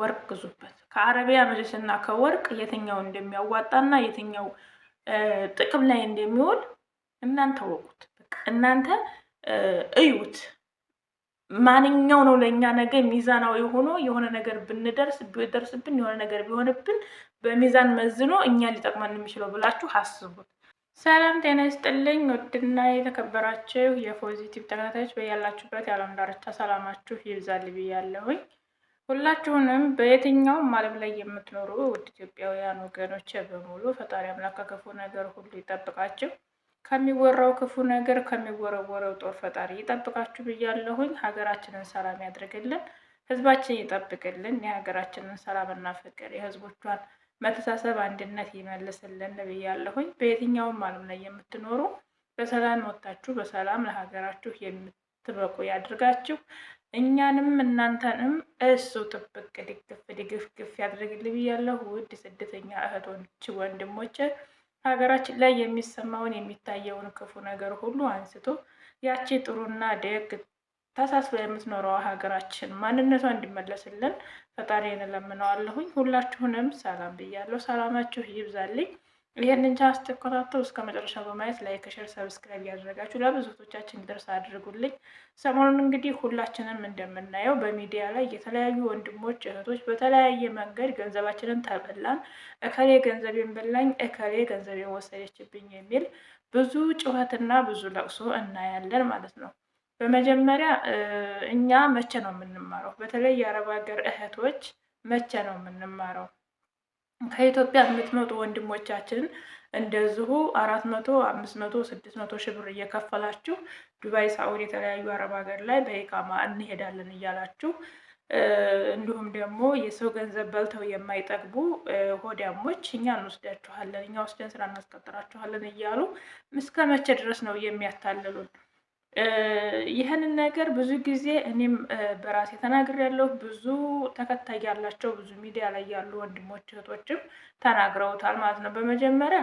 ወርቅ ግዙበት። ከአረቢያ መጅልስና ከወርቅ የትኛው እንደሚያዋጣና የትኛው ጥቅም ላይ እንደሚውል እናንተ ወቁት። እናንተ እዩት። ማንኛው ነው ለእኛ ነገር ሚዛናዊ ሆኖ የሆነ ነገር ብንደርስ ቢደርስብን የሆነ ነገር ቢሆንብን በሚዛን መዝኖ እኛ ሊጠቅመን የሚችለው ብላችሁ አስቡት። ሰላም ጤና ይስጥልኝ። ውድና የተከበራችሁ የፖዚቲቭ ተከታታዮች በያላችሁበት የዓለም ዳርቻ ሰላማችሁ ይብዛል ብያለሁኝ። ሁላችሁንም በየትኛውም ዓለም ላይ የምትኖሩ ውድ ኢትዮጵያውያን ወገኖች በሙሉ ፈጣሪ አምላክ ከክፉ ነገር ሁሉ ይጠብቃችሁ፣ ከሚወራው ክፉ ነገር ከሚወረወረው ጦር ፈጣሪ ይጠብቃችሁ ብያለሁኝ። ሀገራችንን ሰላም ያድርግልን፣ ህዝባችን ይጠብቅልን፣ የሀገራችንን ሰላምና ፍቅር የህዝቦቿን መተሳሰብ አንድነት ይመልስልን ብያለሁኝ። በየትኛውም ዓለም ላይ የምትኖሩ በሰላም ወጥታችሁ በሰላም ለሀገራችሁ የምትበቁ ያድርጋችሁ። እኛንም እናንተንም እሱ ጥብቅ ድግፍ ድግፍ ግፍ ያድርግልኝ ብያለሁ። ውድ ስደተኛ እህቶች ወንድሞች፣ ሀገራችን ላይ የሚሰማውን የሚታየውን ክፉ ነገር ሁሉ አንስቶ ያቺ ጥሩና ደግ ተሳስበ የምትኖረው ሀገራችን ማንነቷ እንዲመለስልን ፈጣሪ እንለምነዋለሁኝ። ሁላችሁንም ሰላም ብያለሁ። ሰላማችሁ ይብዛልኝ። ይህንን ቻናል ስትከታተሉ እስከ መጨረሻ በማየት ላይክ፣ ሼር፣ ሰብስክራይብ ያደረጋችሁ ለብዙ እህቶቻችን እንዲደርስ አድርጉልኝ። ሰሞኑን እንግዲህ ሁላችንም እንደምናየው በሚዲያ ላይ የተለያዩ ወንድሞች እህቶች በተለያየ መንገድ ገንዘባችንን ተበላን፣ እከሌ ገንዘቤን በላኝ፣ እከሌ ገንዘቤን ወሰደችብኝ የሚል ብዙ ጩኸትና ብዙ ለቅሶ እናያለን ማለት ነው። በመጀመሪያ እኛ መቼ ነው የምንማረው? በተለይ የአረብ ሀገር እህቶች መቼ ነው የምንማረው? ከኢትዮጵያ የምትመጡ ወንድሞቻችን እንደዚሁ አራት መቶ አምስት መቶ ስድስት መቶ ሺህ ብር እየከፈላችሁ ዱባይ፣ ሳውድ የተለያዩ አረብ ሀገር ላይ በኢቃማ እንሄዳለን እያላችሁ እንዲሁም ደግሞ የሰው ገንዘብ በልተው የማይጠግቡ ሆዳሞች እኛ እንወስዳችኋለን፣ እኛ ወስደን ስራ እናስቀጥራችኋለን እያሉ እስከ መቼ ድረስ ነው የሚያታልሉን? ይህንን ነገር ብዙ ጊዜ እኔም በራሴ ተናግሬያለሁ። ብዙ ተከታይ ያላቸው ብዙ ሚዲያ ላይ ያሉ ወንድሞች እህቶችም ተናግረውታል ማለት ነው። በመጀመሪያ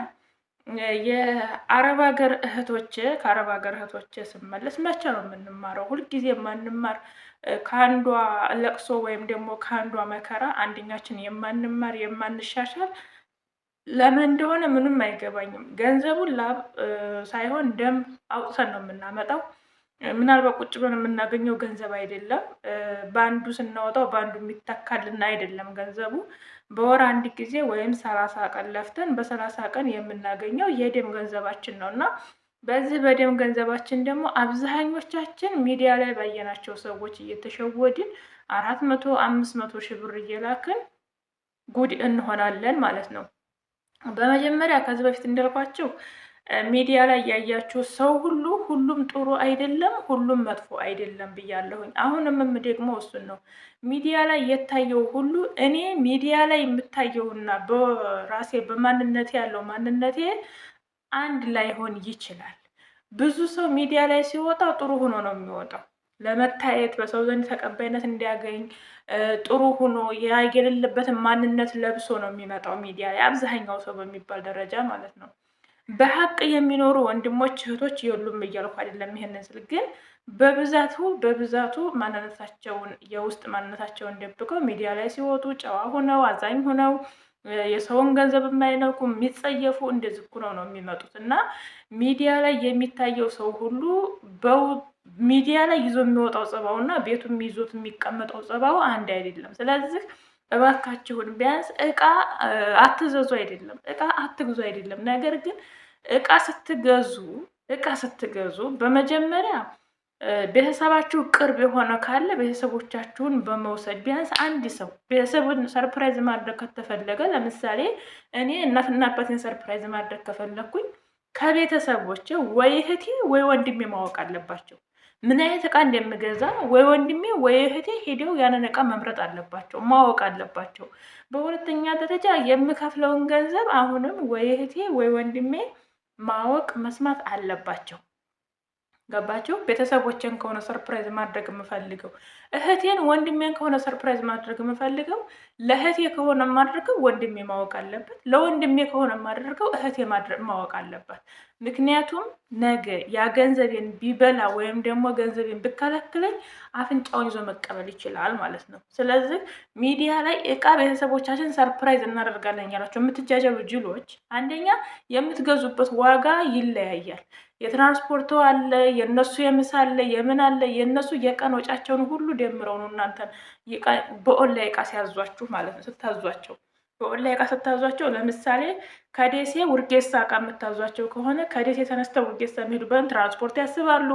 የአረብ ሀገር እህቶች ከአረብ ሀገር እህቶች ስመለስ መቼ ነው የምንማረው? ሁልጊዜ የማንማር ከአንዷ ለቅሶ ወይም ደግሞ ከአንዷ መከራ አንደኛችን የማንማር የማንሻሻል ለምን እንደሆነ ምንም አይገባኝም። ገንዘቡን ላብ ሳይሆን ደም አውጥተን ነው የምናመጣው። ምናልባት ቁጭ ብለን የምናገኘው ገንዘብ አይደለም። በአንዱ ስናወጣው በአንዱ የሚተካልን አይደለም ገንዘቡ። በወር አንድ ጊዜ ወይም ሰላሳ ቀን ለፍተን በሰላሳ ቀን የምናገኘው የደም ገንዘባችን ነው እና በዚህ በደም ገንዘባችን ደግሞ አብዛኞቻችን ሚዲያ ላይ ባየናቸው ሰዎች እየተሸወድን አራት መቶ አምስት መቶ ሺህ ብር እየላክን ጉድ እንሆናለን ማለት ነው። በመጀመሪያ ከዚህ በፊት እንዳልኳቸው ሚዲያ ላይ ያያችሁ ሰው ሁሉ ሁሉም ጥሩ አይደለም፣ ሁሉም መጥፎ አይደለም ብያለሁኝ። አሁንም ደግሞ እሱን ነው ሚዲያ ላይ የታየው ሁሉ እኔ ሚዲያ ላይ የምታየውና በራሴ በማንነቴ ያለው ማንነቴ አንድ ላይሆን ይችላል። ብዙ ሰው ሚዲያ ላይ ሲወጣ ጥሩ ሆኖ ነው የሚወጣው ለመታየት በሰው ዘንድ ተቀባይነት እንዲያገኝ ጥሩ ሆኖ የሌለበትን ማንነት ለብሶ ነው የሚመጣው ሚዲያ ላይ አብዛኛው ሰው በሚባል ደረጃ ማለት ነው። በሀቅ የሚኖሩ ወንድሞች እህቶች የሉም እያልኩ አይደለም። ይሄንን ስል ግን በብዛቱ በብዛቱ ማንነታቸውን የውስጥ ማንነታቸውን ደብቀው ሚዲያ ላይ ሲወጡ ጨዋ ሆነው አዛኝ ሆነው የሰውን ገንዘብ የማይነኩ የሚጸየፉ እንደዚህ ነው ነው የሚመጡት እና ሚዲያ ላይ የሚታየው ሰው ሁሉ ሚዲያ ላይ ይዞ የሚወጣው ጸባው እና ቤቱ ይዞት የሚቀመጠው ጸባው አንድ አይደለም። ስለዚህ እባካችሁን ቢያንስ እቃ አትዘዙ አይደለም እቃ አትግዙ አይደለም። ነገር ግን እቃ ስትገዙ እቃ ስትገዙ በመጀመሪያ ቤተሰባችሁ ቅርብ የሆነ ካለ ቤተሰቦቻችሁን በመውሰድ ቢያንስ አንድ ሰው ቤተሰቡን ሰርፕራይዝ ማድረግ ከተፈለገ፣ ለምሳሌ እኔ እናትና አባቴን ሰርፕራይዝ ማድረግ ከፈለግኩኝ ከቤተሰቦቼ ወይ እህቴ ወይ ወንድሜ ማወቅ አለባቸው። ምን አይነት እቃ እንደምገዛ ወይ ወንድሜ ወይ እህቴ ሄደው ያንን እቃ መምረጥ አለባቸው፣ ማወቅ አለባቸው። በሁለተኛ ደረጃ የምከፍለውን ገንዘብ አሁንም ወይ እህቴ ወይ ወንድሜ ማወቅ መስማት አለባቸው። ገባቸው። ቤተሰቦችን ከሆነ ሰርፕራይዝ ማድረግ የምፈልገው እህቴን ወንድሜን ከሆነ ሰርፕራይዝ ማድረግ የምፈልገው ለእህቴ ከሆነ ማድረገው ወንድሜ ማወቅ አለበት። ለወንድሜ ከሆነ ማድረገው እህቴ ማወቅ አለበት። ምክንያቱም ነገ ያ ገንዘቤን ቢበላ ወይም ደግሞ ገንዘቤን ብከለክለኝ አፍንጫውን ይዞ መቀበል ይችላል ማለት ነው። ስለዚህ ሚዲያ ላይ እቃ ቤተሰቦቻችን ሰርፕራይዝ እናደርጋለን ያላቸው የምትጃጀሉ ጅሎች፣ አንደኛ የምትገዙበት ዋጋ ይለያያል። የትራንስፖርቱ አለ፣ የእነሱ የምሳ አለ፣ የምን አለ፣ የእነሱ የቀን ወጫቸውን ሁሉ ደምረው ነው እናንተን በኦንላይን እቃ ሲያዟችሁ ማለት ነው ስታዟቸው በኦንላይ እቃ ስታዟቸው ለምሳሌ ከደሴ ውርጌሳ እቃ የምታዟቸው ከሆነ ከደሴ ተነስተው ውርጌሳ የሚሄዱበትን ትራንስፖርት ያስባሉ፣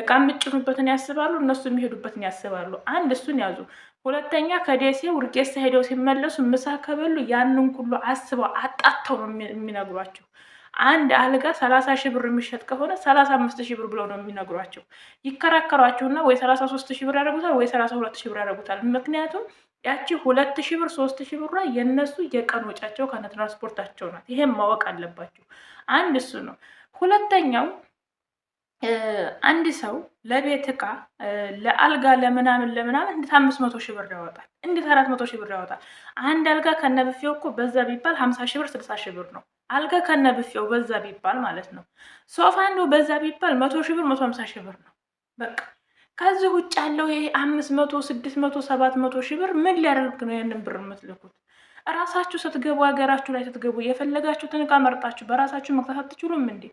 እቃ የምጭኑበትን ያስባሉ፣ እነሱ የሚሄዱበትን ያስባሉ። አንድ እሱን ያዙ። ሁለተኛ ከደሴ ውርጌሳ ሄደው ሲመለሱ ምሳ ከበሉ ያንን ሁሉ አስበው አጣተው ነው የሚነግሯቸው። አንድ አልጋ ሰላሳ ሺህ ብር የሚሸጥ ከሆነ ሰላሳ አምስት ሺህ ብር ብለው ነው የሚነግሯቸው። ይከራከሯቸውና ወይ ሰላሳ ሶስት ሺህ ብር ያደርጉታል ወይ ሰላሳ ሁለት ሺህ ብር ያደርጉታል። ምክንያቱም ያቺ ሁለት ሺህ ብር ሶስት ሺህ ብሯ የእነሱ የቀን ወጫቸው ከነ ትራንስፖርታቸው ናት። ይሄም ማወቅ አለባቸው። አንድ እሱ ነው። ሁለተኛው አንድ ሰው ለቤት እቃ ለአልጋ ለምናምን ለምናምን እንዴት አምስት መቶ ሺህ ብር ያወጣል? እንዴት አራት መቶ ሺህ ብር ያወጣል? አንድ አልጋ ከነብፌው እኮ በዛ ቢባል ሀምሳ ሺህ ብር ስልሳ ሺህ ብር ነው። አልጋ ከነ ብፌው በዛ ቢባል ማለት ነው። ሶፋ እንደው በዛ ቢባል መቶ ሺህ ብር መቶ ሀምሳ ሺህ ብር ነው በቃ። ከዚህ ውጭ ያለው ይሄ አምስት መቶ ስድስት መቶ ሰባት መቶ ሺህ ብር ምን ሊያደርግ ነው ያንን ብር የምትልኩት? እራሳችሁ ስትገቡ ሀገራችሁ ላይ ስትገቡ የፈለጋችሁትን እቃ መርጣችሁ በራሳችሁ መግዛት አትችሉም እንዴ?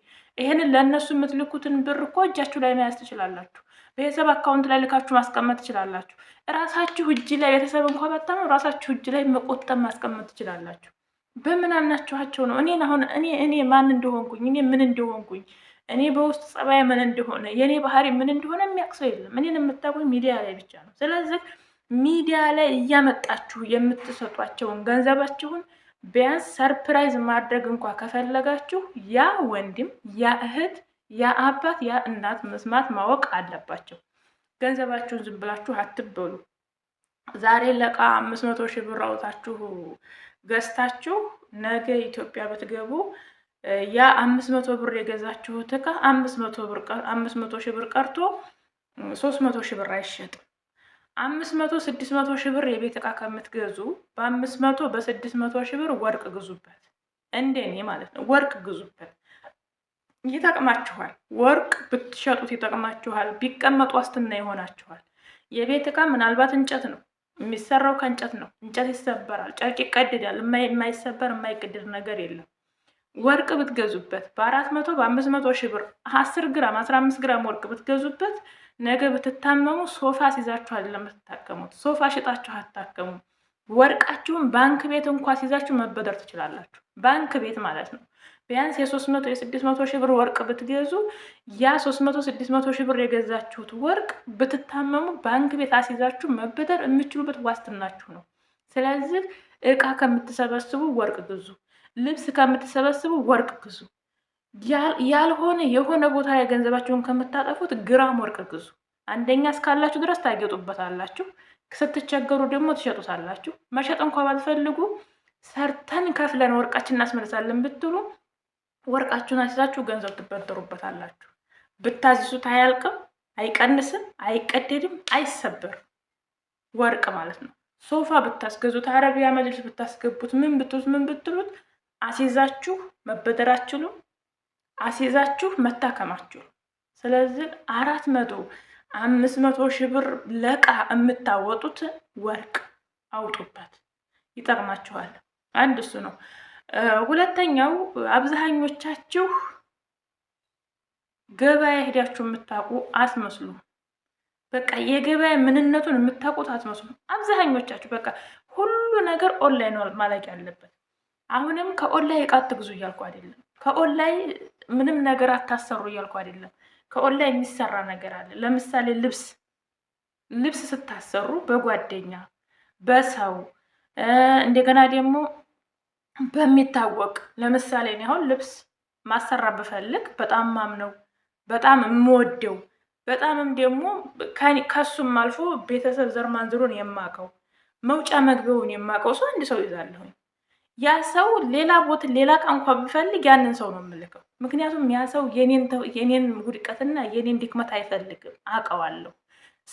ይህንን ለእነሱ የምትልኩትን ብር እኮ እጃችሁ ላይ መያዝ ትችላላችሁ። ቤተሰብ አካውንት ላይ ልካችሁ ማስቀመጥ ትችላላችሁ። እራሳችሁ እጅ ላይ ቤተሰብ እንኳ ባታምኑ ራሳችሁ እጅ ላይ መቆጠብ ማስቀመጥ ትችላላችሁ። በምን አምናችኋቸው ነው? እኔን አሁን እኔ እኔ ማን እንደሆንኩኝ እኔ ምን እንደሆንኩኝ እኔ በውስጥ ጸባይ ምን እንደሆነ የእኔ ባህሪ ምን እንደሆነ የሚያውቅ ሰው የለም። እኔን የምታውቁኝ ሚዲያ ላይ ብቻ ነው። ስለዚህ ሚዲያ ላይ እያመጣችሁ የምትሰጧቸውን ገንዘባችሁን ቢያንስ ሰርፕራይዝ ማድረግ እንኳ ከፈለጋችሁ ያ ወንድም፣ ያ እህት፣ ያ አባት፣ ያ እናት መስማት ማወቅ አለባቸው። ገንዘባችሁን ዝም ብላችሁ አትበሉ። ዛሬ ለቃ አምስት መቶ ሺህ ብር አውጣችሁ ገዝታችሁ ነገ ኢትዮጵያ ብትገቡ ያ አምስት መቶ ብር የገዛችሁት ዕቃ አምስት መቶ ብር አምስት መቶ ሺህ ብር ቀርቶ ሶስት መቶ ሺህ ብር አይሸጥም። አምስት መቶ ስድስት መቶ ሺህ ብር የቤት እቃ ከምትገዙ በአምስት መቶ በስድስት መቶ ሺህ ብር ወርቅ ግዙበት። እንደኔ ማለት ነው። ወርቅ ግዙበት፣ ይጠቅማችኋል። ወርቅ ብትሸጡት ይጠቅማችኋል። ቢቀመጡ ዋስትና ይሆናችኋል። የቤት እቃ ምናልባት እንጨት ነው የሚሰራው ከእንጨት ነው። እንጨት ይሰበራል፣ ጨርቅ ይቀድዳል። የማይሰበር የማይቀደድ ነገር የለም። ወርቅ ብትገዙበት በአራት መቶ በአምስት መቶ ሺህ ብር አስር ግራም አስራ አምስት ግራም ወርቅ ብትገዙበት ነገ ብትታመሙ ሶፋ ሲይዛችሁ አይደለም ብትታከሙት ሶፋ ሽጣችሁ አታከሙም። ወርቃችሁን ባንክ ቤት እንኳ ሲይዛችሁ መበደር ትችላላችሁ። ባንክ ቤት ማለት ነው። ቢያንስ የሶስት መቶ የስድስት መቶ ሺህ ብር ወርቅ ብትገዙ ያ ሶስት መቶ ስድስት መቶ ሺህ ብር የገዛችሁት ወርቅ ብትታመሙ ባንክ ቤት አስይዛችሁ መበደር የምችሉበት ዋስትናችሁ ነው። ስለዚህ እቃ ከምትሰበስቡ ወርቅ ግዙ፣ ልብስ ከምትሰበስቡ ወርቅ ግዙ። ያልሆነ የሆነ ቦታ ላይ ገንዘባችሁን ከምታጠፉት ግራም ወርቅ ግዙ። አንደኛ እስካላችሁ ድረስ ታጌጡበታላችሁ፣ ስትቸገሩ ደግሞ ትሸጡታላችሁ። መሸጥ እንኳ ባትፈልጉ ሰርተን ከፍለን ወርቃችን እናስመልሳለን ብትሉ ወርቃችሁን አስይዛችሁ ገንዘብ ትበደሩበታላችሁ። ብታዝዙት አያልቅም፣ አይቀንስም፣ አይቀደድም፣ አይሰበርም። ወርቅ ማለት ነው። ሶፋ ብታስገዙት፣ አረቢያ መጅልስ ብታስገቡት፣ ምን ብትሉት፣ ምን ብትሉት አስይዛችሁ መበደር አትችሉም። አስይዛችሁ መታከማችሁ። ስለዚህ አራት መቶ አምስት መቶ ሺህ ብር ለቃ የምታወጡት ወርቅ አውጡበት፣ ይጠቅማችኋል። አንድ እሱ ነው። ሁለተኛው አብዛኞቻችሁ ገበያ ሄዳችሁ የምታውቁ አትመስሉ። በቃ የገበያ ምንነቱን የምታውቁት አትመስሉ። አብዛኞቻችሁ በቃ ሁሉ ነገር ኦንላይን ማለቅ ያለበት አሁንም ከኦንላይን እቃ አትግዙ እያልኩ አይደለም። ከኦንላይን ምንም ነገር አታሰሩ እያልኩ አይደለም። ከኦንላይን የሚሰራ ነገር አለ። ለምሳሌ ልብስ ልብስ ስታሰሩ በጓደኛ በሰው እንደገና ደግሞ በሚታወቅ ለምሳሌ እኔ አሁን ልብስ ማሰራ ብፈልግ በጣም ማምነው በጣም የምወደው በጣምም ደግሞ ከሱም አልፎ ቤተሰብ ዘርማንዝሮን የማቀው መውጫ መግቢያውን የማቀው ሰው አንድ ሰው ይዛለሁኝ። ያ ሰው ሌላ ቦታ ሌላ ቃንኳ ብፈልግ ያንን ሰው ነው የምልከው። ምክንያቱም ያ ሰው የኔን ውድቀትና የኔን ድክመት አይፈልግም። አውቀዋለሁ፣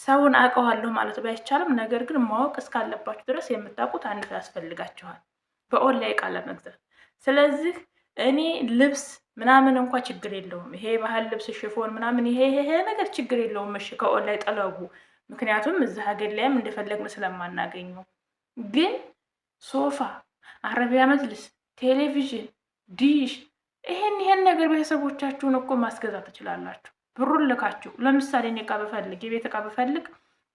ሰውን አውቀዋለሁ ማለት ባይቻልም፣ ነገር ግን ማወቅ እስካለባችሁ ድረስ የምታውቁት አንድ ሰው ያስፈልጋችኋል። በኦንላይ እቃ ለመግዛት። ስለዚህ እኔ ልብስ ምናምን እንኳ ችግር የለውም። ይሄ ባህል ልብስ ሽፎን ምናምን ይሄ ይሄ ነገር ችግር የለውም። እሺ ከኦንላይ ጠለቡ። ምክንያቱም እዚ ሀገር ላይም እንደፈለግን ስለማናገኘው። ግን ሶፋ፣ አረቢያ መጅልስ፣ ቴሌቪዥን፣ ዲሽ ይሄን ይሄን ነገር ቤተሰቦቻችሁን እኮ ማስገዛት ትችላላችሁ። ብሩን ልካችሁ ለምሳሌ እኔ እቃ ብፈልግ የቤት እቃ ብፈልግ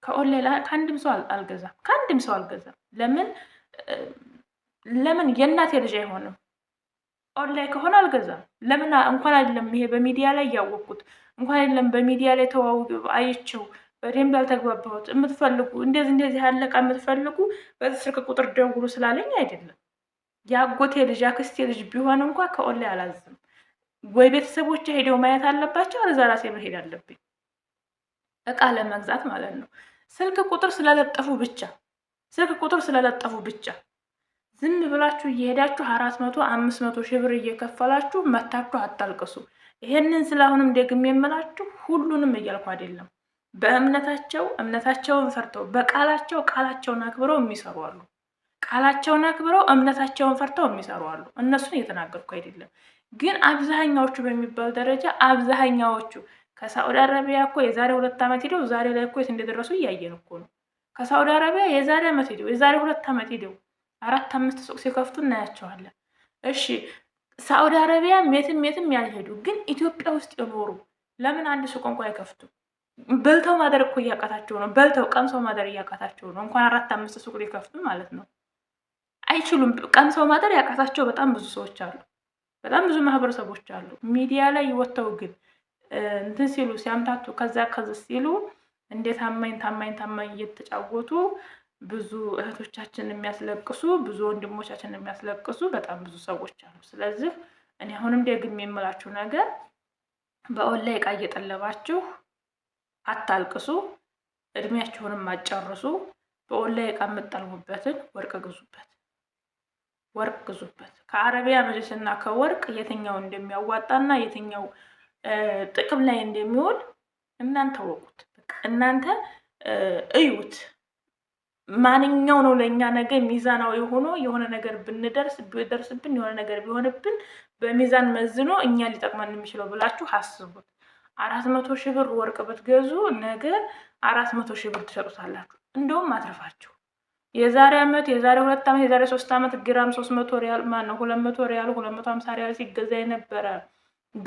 ከኦንላይን ከአንድም ሰው አልገዛም። ከአንድም ሰው አልገዛም። ለምን ለምን የእናቴ ልጅ አይሆንም? ኦንላይ ከሆነ አልገዛም። ለምን እንኳን አይደለም ይሄ በሚዲያ ላይ ያወቅኩት እንኳን አይደለም በሚዲያ ላይ ተዋውቅ አይቼው በደንብ ያልተግባባሁት የምትፈልጉ እንደዚህ እንደዚህ ያለ ዕቃ የምትፈልጉ በዚህ ስልክ ቁጥር ደውሉ ስላለኝ አይደለም። የአጎቴ ልጅ የአክስቴ ልጅ ቢሆን እንኳ ከኦንላይ አላዝም። ወይ ቤተሰቦች ሄደው ማየት አለባቸው፣ አለዛ ራሴ መሄድ አለብኝ እቃ ለመግዛት ማለት ነው። ስልክ ቁጥር ስለለጠፉ ብቻ ስልክ ቁጥር ስለለጠፉ ብቻ ዝም ብላችሁ እየሄዳችሁ አራት መቶ አምስት መቶ ሺህ ብር እየከፈላችሁ መታችሁ አታልቅሱ። ይሄንን ስለ ደግም ደግሜ የምላችሁ ሁሉንም እያልኩ አይደለም። በእምነታቸው እምነታቸውን ፈርተው በቃላቸው ቃላቸውን አክብረው የሚሰሩ አሉ። ቃላቸውን አክብረው እምነታቸውን ፈርተው የሚሰሩ አሉ። እነሱን እየተናገርኩ አይደለም። ግን አብዛኛዎቹ በሚባል ደረጃ አብዛኛዎቹ ከሳዑዲ አረቢያ እኮ የዛሬ ሁለት ዓመት ሄደው ዛሬ ላይ እኮ የት እንደደረሱ እያየን እኮ ነው። ከሳዑዲ አረቢያ የዛሬ ዓመት ሄደው የዛሬ ሁለት ዓመት ሄደው አራት አምስት ሱቅ ሲከፍቱ እናያቸዋለን። እሺ ሳዑዲ አረቢያ የትም የትም ያልሄዱ ግን ኢትዮጵያ ውስጥ የኖሩ ለምን አንድ ሱቅ እንኳ አይከፍቱ? በልተው ማደር እኮ እያቃታቸው ነው። በልተው ቀምሰው ማደር እያቃታቸው ነው። እንኳን አራት አምስት ሱቅ ሊከፍቱ ማለት ነው። አይችሉም። ቀምሰው ማደር ያቃታቸው በጣም ብዙ ሰዎች አሉ። በጣም ብዙ ማህበረሰቦች አሉ። ሚዲያ ላይ ወጥተው ግን እንትን ሲሉ ሲያምታቱ ከዛ ከዚ ሲሉ እንደ ታማኝ ታማኝ ታማኝ እየተጫወቱ ብዙ እህቶቻችን የሚያስለቅሱ ብዙ ወንድሞቻችን የሚያስለቅሱ በጣም ብዙ ሰዎች አሉ። ስለዚህ እኔ አሁንም ደግሜ የምላችሁ ነገር በኦንላይን እቃ እየጠለባችሁ አታልቅሱ፣ እድሜያችሁንም አጨርሱ። በኦንላይን እቃ የምጠልቡበትን ወርቅ ግዙበት፣ ወርቅ ግዙበት። ከአረቢያ መጅልስና ከወርቅ የትኛው እንደሚያዋጣና የትኛው ጥቅም ላይ እንደሚውል እናንተ ወቁት፣ እናንተ እዩት። ማንኛው ነው ለእኛ ነገር ሚዛናዊ ሆኖ የሆነ ነገር ብንደርስ ብደርስብን የሆነ ነገር ቢሆንብን በሚዛን መዝኖ እኛ ሊጠቅመን የሚችለው ብላችሁ አስቡት። አራት መቶ ሺህ ብር ወርቅ ብትገዙ ነገ አራት መቶ ሺህ ብር ትሸጡታላችሁ። እንደውም አትርፋችሁ የዛሬ ዓመት የዛሬ ሁለት ዓመት የዛሬ ሶስት ዓመት ግራም ሶስት መቶ ሪያል ማ ነው ሁለት መቶ ሪያል ሁለት መቶ ሀምሳ ሪያል ሲገዛ የነበረ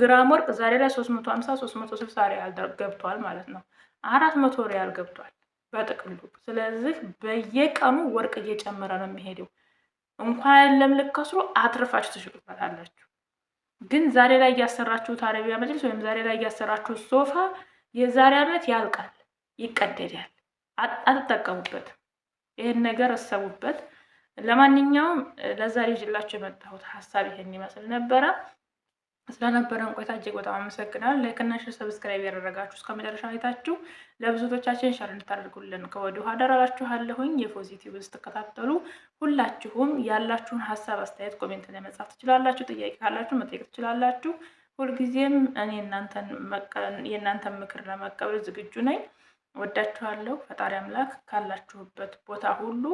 ግራም ወርቅ ዛሬ ላይ ሶስት መቶ ሀምሳ ሶስት መቶ ስልሳ ሪያል ገብቷል ማለት ነው። አራት መቶ ሪያል ገብቷል። በጥቅሉ ስለዚህ በየቀኑ ወርቅ እየጨመረ ነው የሚሄደው። እንኳን ያለም ልከስሮ አትርፋችሁ ትሽጡበታላችሁ። ግን ዛሬ ላይ እያሰራችሁት አረቢያ መጅልስ ወይም ዛሬ ላይ እያሰራችሁት ሶፋ የዛሬ ዓመት ያልቃል፣ ይቀደዳል፣ አትጠቀሙበትም። ይህን ነገር እሰቡበት። ለማንኛውም ለዛሬ ይዤላችሁ የመጣሁት ሀሳብ ይህን ይመስል ነበረ። ስለነበረን ቆይታ እጅግ በጣም አመሰግናል። ላይክ እና ሼር፣ ሰብስክራይብ ያደረጋችሁ እስከ መጨረሻ አይታችሁ ለብዙቶቻችን ሸር እንድታደርጉልን ከወዲሁ አደራ እላችኋለሁኝ። የፖዚቲቭ ስትከታተሉ ሁላችሁም ያላችሁን ሀሳብ አስተያየት ኮሜንት ላይ መጻፍ ትችላላችሁ። ጥያቄ ካላችሁ መጠየቅ ትችላላችሁ። ሁልጊዜም እኔ የእናንተን ምክር ለመቀበል ዝግጁ ነኝ። ወዳችኋለሁ። ፈጣሪ አምላክ ካላችሁበት ቦታ ሁሉ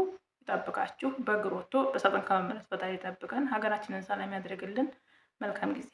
ይጠብቃችሁ። በግሮቶ በሰጠን ከመመለስ ፈጣሪ ይጠብቀን። ሀገራችንን ሰላም ያደርግልን። መልካም ጊዜ